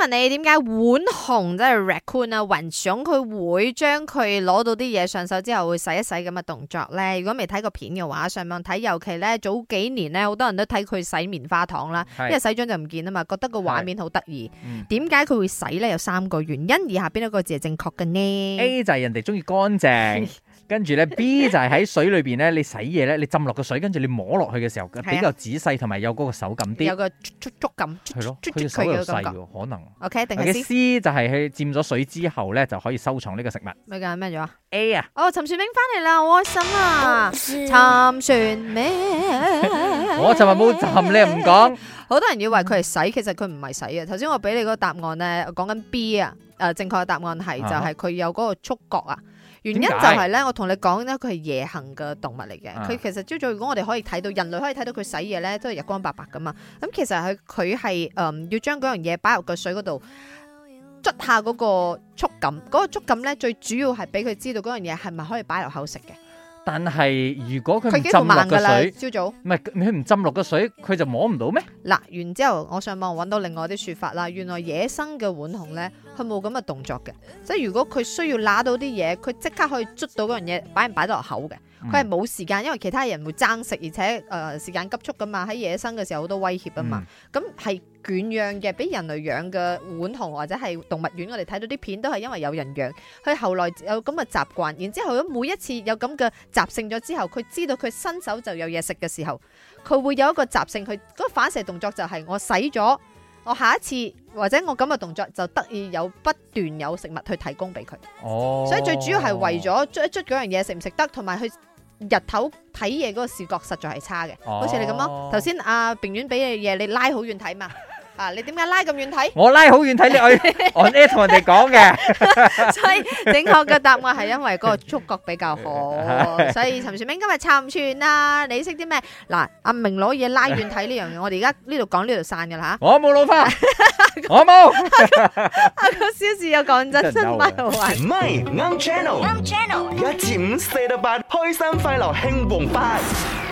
問你點解浣熊即係 Raccoon 啊，雲想佢會將佢攞到啲嘢上手之後會洗一洗咁嘅動作咧？如果未睇過片嘅話，上網睇，尤其咧早幾年咧，好多人都睇佢洗棉花糖啦，是因為洗咗就唔見啦嘛，覺得個畫面好得意。點解佢會洗咧？有三個原因，以下邊一個字係正確嘅呢？A 就係人哋中意乾淨。 跟住咧 ，B 就係喺水裏邊咧，你洗嘢咧，你浸落個水，跟住你摸落去嘅時候，啊、比較仔細同埋有嗰個手感啲，有個觸觸感，係咯，佢手又細喎，可能。O K，定係 C 就係去沾咗水之後咧，就可以收藏呢個食物。咪噶咩咗啊？A 啊！哦，陳樹兵翻嚟啦，好開心啊！陳樹咩？ 我陳文冇陳你又唔講？好多人以為佢係洗，其實佢唔係洗啊。頭先我俾你個答案咧，講緊 B 啊，誒，正確嘅答案係就係、是、佢有嗰個觸覺啊。原因就係咧，我同你講咧，佢係夜行嘅動物嚟嘅。佢、啊、其實朝早，如果我哋可以睇到人類可以睇到佢洗嘢咧，都係日光白白噶嘛。咁、嗯、其實佢佢係誒要將嗰樣嘢擺入個水嗰度，捽下嗰個觸感，嗰、嗰個觸感咧最主要係俾佢知道嗰樣嘢係咪可以擺入口食嘅。但係如果佢唔浸落嘅水，朝早唔係你唔浸落個水，佢就摸唔到咩？嗱，完之後我上網揾到另外啲說法啦。原來野生嘅浣熊咧，佢冇咁嘅動作嘅，即係如果佢需要拿到啲嘢，佢即刻可以捉到嗰樣嘢，擺唔擺得落口嘅？佢係冇時間，因為其他人會爭食，而且誒、呃、時間急促噶嘛。喺野生嘅時候好多威脅啊嘛。咁係圈養嘅，俾人類養嘅碗同或者係動物園，我哋睇到啲片都係因為有人養。佢後來有咁嘅習慣，然之後每一次有咁嘅習性咗之後，佢知道佢伸手就有嘢食嘅時候，佢會有一個習性，佢、那、嗰、個、反射動作就係我洗咗，我下一次或者我咁嘅動作就得以有不斷有食物去提供俾佢。哦，所以最主要係為咗捉一捉嗰樣嘢食唔食得，同埋去。日頭睇嘢嗰個視覺實在係差嘅，好似、啊、你咁咯。頭先阿病院俾你嘢，你拉好遠睇嘛。 啊！你點解拉咁遠睇？我拉好遠睇你去 on air 同人哋講嘅， 所以正確嘅答案係因為嗰個觸覺比較好。所以陳雪明今日參唔串啦，你識啲咩？嗱、啊，阿明攞嘢拉遠睇呢樣嘢，我哋而家呢度講呢度散嘅啦嚇。我冇攞翻，我冇。阿個小智又講真真白話，唔係啱 channel，啱 channel，一至五四到八，開心快樂興旺派。